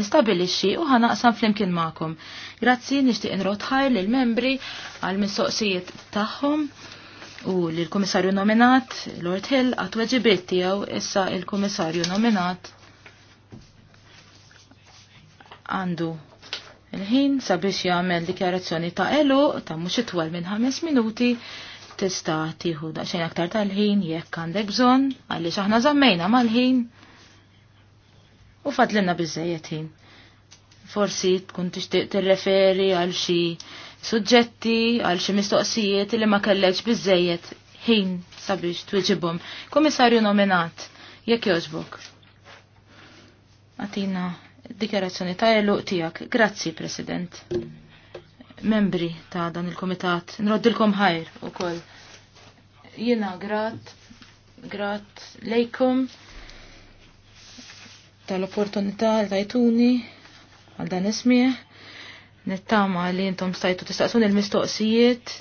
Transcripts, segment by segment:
nistabilixxi u ħanaqsam flimkien ma'kom. Grazzi nixtieq nrotħaj lil membri għal mistoqsijiet tagħhom u lil komissarju nominat Lord Hill għat weġibiet tiegħu issa il-komissarju nominat għandu il-ħin sabiex jagħmel dikjarazzjoni ta' elu ta' mhux itwal minn ħames minuti tista' tieħu daqsxejn aktar tal-ħin jekk għandek bżonn għaliex aħna żammejna mal-ħin u fadlenna bizzejiet ħin. Forsi tkun tixtieq tirreferi għal xi suġġetti, għal xi mistoqsijiet li ma kellekx bizzejiet ħin sabiex twieġibhom. Komissarju nominat, jekk jogħġbok. Għatina dikjarazzjoni ta' eluq tiegħek. Grazzi, President. Membri ta' dan il-komitat, nroddilkom ħajr ukoll. Jiena grat, grat lejkom tal-opportunità li tajtuni għal dan ismie. Nittama li intom stajtu tistaqsun il-mistoqsijiet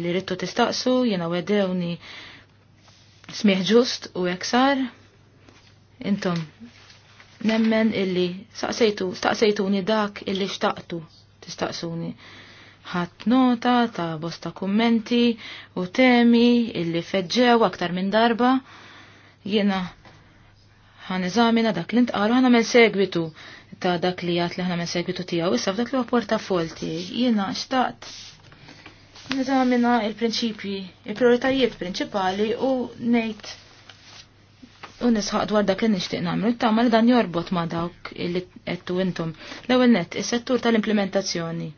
li rittu tistaqsu jena wedewni smieħ ġust u eksar. Intom nemmen illi staqsejtu, staqsejtuni dak illi xtaqtu tistaqsuni ħadd nota ta' bosta kummenti u temi illi feġġew aktar minn darba jiena ħan eżamina dak li ntqalu ħan għamil segwitu ta' dak li għat li ħan għamil segwitu tijaw, issa f'dak li huwa folti, jina jiena xtaqt. Nizamina il-prinċipji, il-prioritajiet prinċipali u nejt u nisħaq dwar dak li nixtieq nagħmlu tama li dan jorbot ma' dawk li għettu intom. L-ewwel nett is-settur tal-implementazzjoni.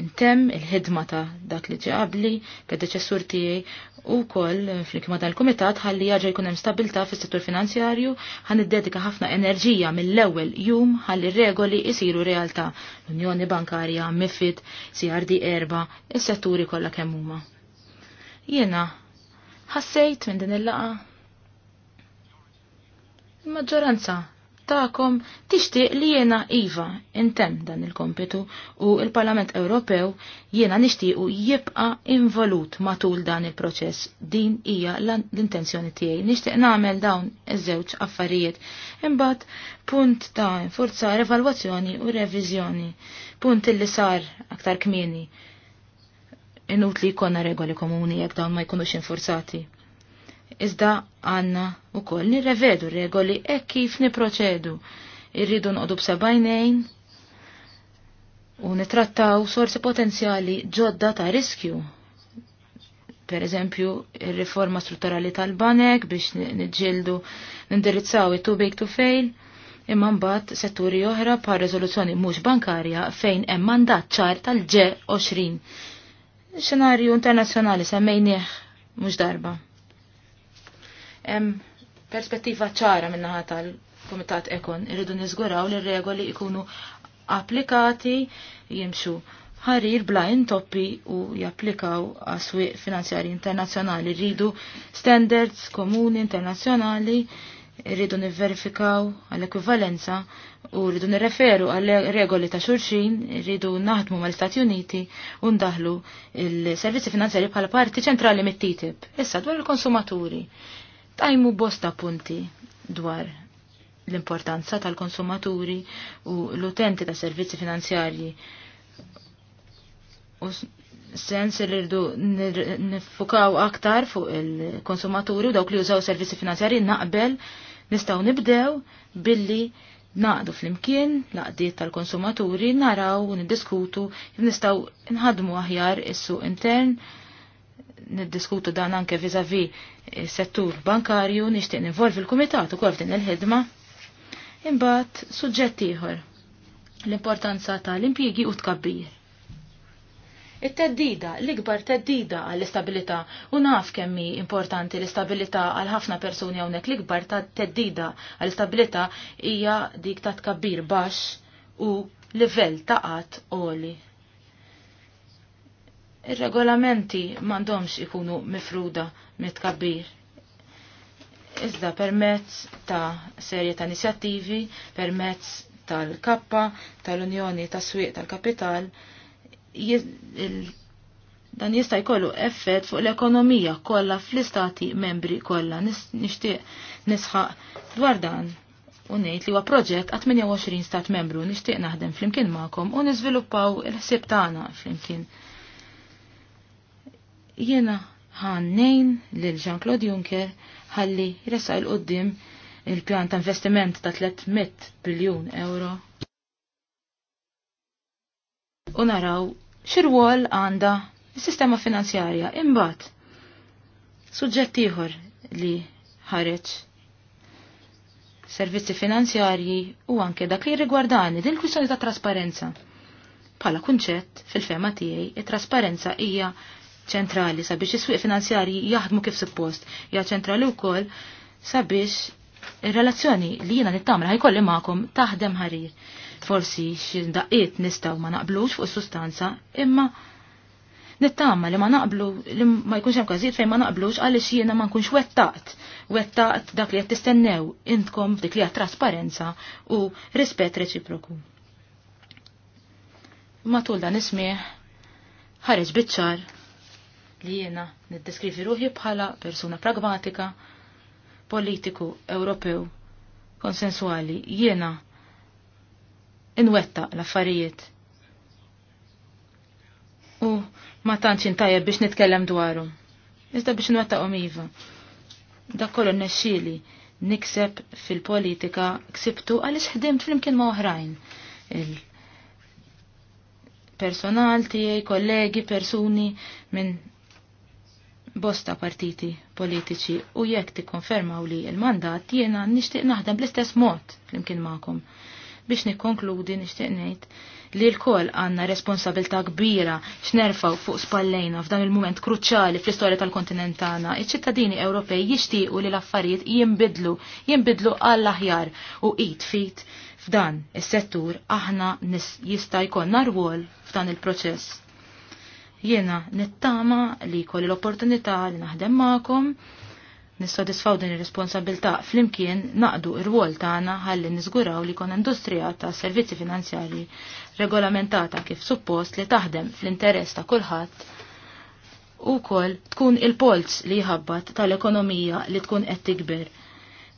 Intemm il-ħidma ta' dak li ġabli, predeċessur tiegħi U koll, fl-ikma tal-komitat, ħalli jaġa jkun hemm stabilta fis-settur finanzjarju, ħan iddedika ħafna enerġija mill-ewwel jum ħalli regoli jisiru realtà. L-Unjoni Bankarja, MIFID, CRD erba, is-setturi kollha kemm huma. Jiena ħassejt minn din il-laqa. Il-maġġoranza ta'kom tixtieq li jiena iva intemm dan il-kompitu u il-Parlament Ewropew jiena nixtiequ jibqa' involut matul dan il-proċess. Din hija l-intenzjoni tiegħi. Nixtieq nagħmel dawn iż-żewġ affarijiet. Imbagħad punt ta' forza evalwazzjoni u reviżjoni. Punt illi sar aktar kmieni inutli jkollna regoli komuni jekk dawn ma jkunux infurzati. Iżda għanna u koll nirrevedu regoli e kif niproċedu. Irridu nqodu b'sebajnejn u nitrattaw sorsi potenzjali ġodda ta' riskju. Per eżempju, il riforma strutturali tal-banek biex nġildu nindirizzaw it-too big to fail imma mbagħad setturi oħra pa' rezoluzzjoni mhux bankarja fejn hemm mandat ċar tal ġe 20 Xenarju internazzjonali semmejnieh mhux darba. Em, perspettiva ċara minnaħa tal-Komitat Ekon, irridu nizguraw li regoli ikunu applikati, jimxu ħarir bla intoppi u japplikaw għaswiq finanzjari internazjonali. Rridu standards komuni internazjonali, rridu nivverifikaw għall-ekvivalenza u rridu nirreferu għall-regoli ta' xurxin, rridu naħdmu mal-Istati Uniti u ndaħlu il-servizzi finanzjari bħala parti ċentrali mit-TTIP. Issa dwar il-konsumaturi. Għajmu bosta punti dwar l-importanza tal-konsumaturi u l-utenti ta' servizzi finanzjarji u sens li rridu nifukaw aktar fuq il-konsumaturi u dawk li jużaw servizzi finanzjarji naqbel nistaw nibdew billi naqdu fl-imkien laqdiet tal-konsumaturi naraw u niddiskutu nistaw nħadmu aħjar is-suq intern niddiskutu dan anke vizavi settur bankarju nixtieq involvi l-kumitat ukoll din il-ħidma. Imbagħad suġġett ieħor l-importanza tal-impjiegi u tkabbir. It-teddida, l-ikbar teddida l ikbar teddida għall istabilita u naf kemmi importanti l istabilita għal ħafna persuni hawnhekk l-ikbar ta' teddida għall-istabilità hija dik ta' tkabbir baxx u livell ta' qatt għoli. Ir-regolamenti m'għandhomx ikunu mifruda mitkabbir. Iżda permezz ta' serje ta' inizjattivi, permezz tal-kappa, tal-Unjoni ta' Swieq tal-Kapital, dan jista' jkollu effett fuq l-ekonomija kollha fl-istati membri kollha nixtieq nisħaq dwar dan u ngħid li huwa proġett għat 28 stat membru nixtieq naħdem flimkien magħkom u niżviluppaw il-ħsieb tagħna flimkien. Jena ħannejn lil Jean-Claude Juncker ħalli jressa il-qoddim il-pjan ta' investiment ta' 300 biljun euro. U naraw xirwol għanda il-sistema finanzjarja imbat suġġett ieħor li ħareġ servizzi finanzjarji u anke dak li rigwardani din kwistjoni ta' trasparenza. Pala kunċett fil-fema tiegħi it-trasparenza hija ċentrali sabiex is-swieq finanzjarji jaħdmu kif suppost. Ja ċentrali wkoll sabiex ir-relazzjoni li jiena nittamra ħajkolli magħkom taħdem ħarir. Forsi xi daqiet nistgħu ma naqblux fuq sustanza imma nittama li ma naqblu li ma jkunx hemm każijiet fejn ma naqblux għaliex jiena ma nkunx wettaqt. Wettaqt dak li qed tistennew intkom dik li trasparenza u rispett reċiproku. Matul dan ismih ħareġ biċċar li jiena niddeskrivi ruħi bħala persuna pragmatika, politiku Ewropew, konsensuali, jiena inwetta l-affarijiet. U ma tantx intajjeb biex nitkellem dwarhom. Iżda biex nwettaqhom iva. Dak kollu nexxieli nikseb fil-politika ksibtu għaliex ħdimt flimkien ma' oħrajn. Il-personal tiegħi, kollegi, persuni minn bosta partiti politiċi u jekk tikkonfermaw li il-mandat jiena nixtieq naħdem bl-istess mod flimkien magħkom. Biex nikkonkludi nixtieq ngħid li l-koll għandna responsabilità kbira x'nerfaw fuq spallejna f'dan il-mument kruċjali fl-istorja tal-kontinent tagħna. Iċ-ċittadini Ewropej jixtiequ li l-affarijiet jinbidlu, jinbidlu għall-aħjar u qid fit f'dan is-settur aħna jista' jkollna rwol f'dan il-proċess Jiena nittama li kolli l-opportunità li naħdem magħkom nissodisfaw din ir-responsabilità flimkien naqdu ir-wol tagħna ħalli niżguraw li kon industrija ta' servizzi finanzjali regolamentata kif suppost li taħdem fl-interess ta' kulħadd u kol tkun il-polz li jħabbat tal-ekonomija li tkun qed tikber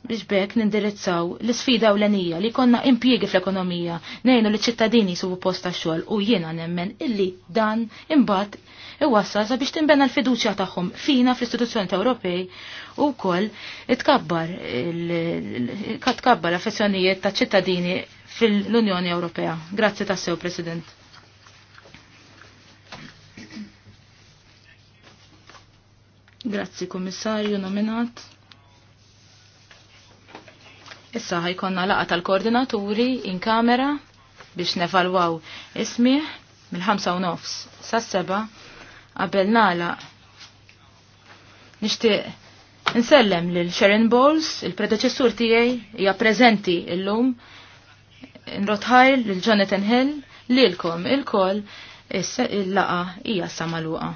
biex bekk nindirizzaw l-sfida u l-enija li konna impjiegi fl-ekonomija, nejnu li ċittadini subu posta xol u jiena nemmen illi dan imbat iwassal sabiex timbena l-fiduċja tagħhom fina fl-istituzzjoni ta' Ewropej u wkoll itkabbar tkabbar l affessjonijiet ta' ċittadini fil-Unjoni Ewropea. Grazzi tassew, President. Grazzi, Komissarju, nominat. Issa ħajkonna laqa tal-koordinaturi in kamera biex nevalwaw ismiħ mill-5 u nofs sa' seba qabel nala nixtieq nsellem lil Sharon Bowles, il-predeċessur tiegħi hija preżenti llum nrotħaj lil Jonathan Hill lilkom il-koll il-laqa hija samaluqa.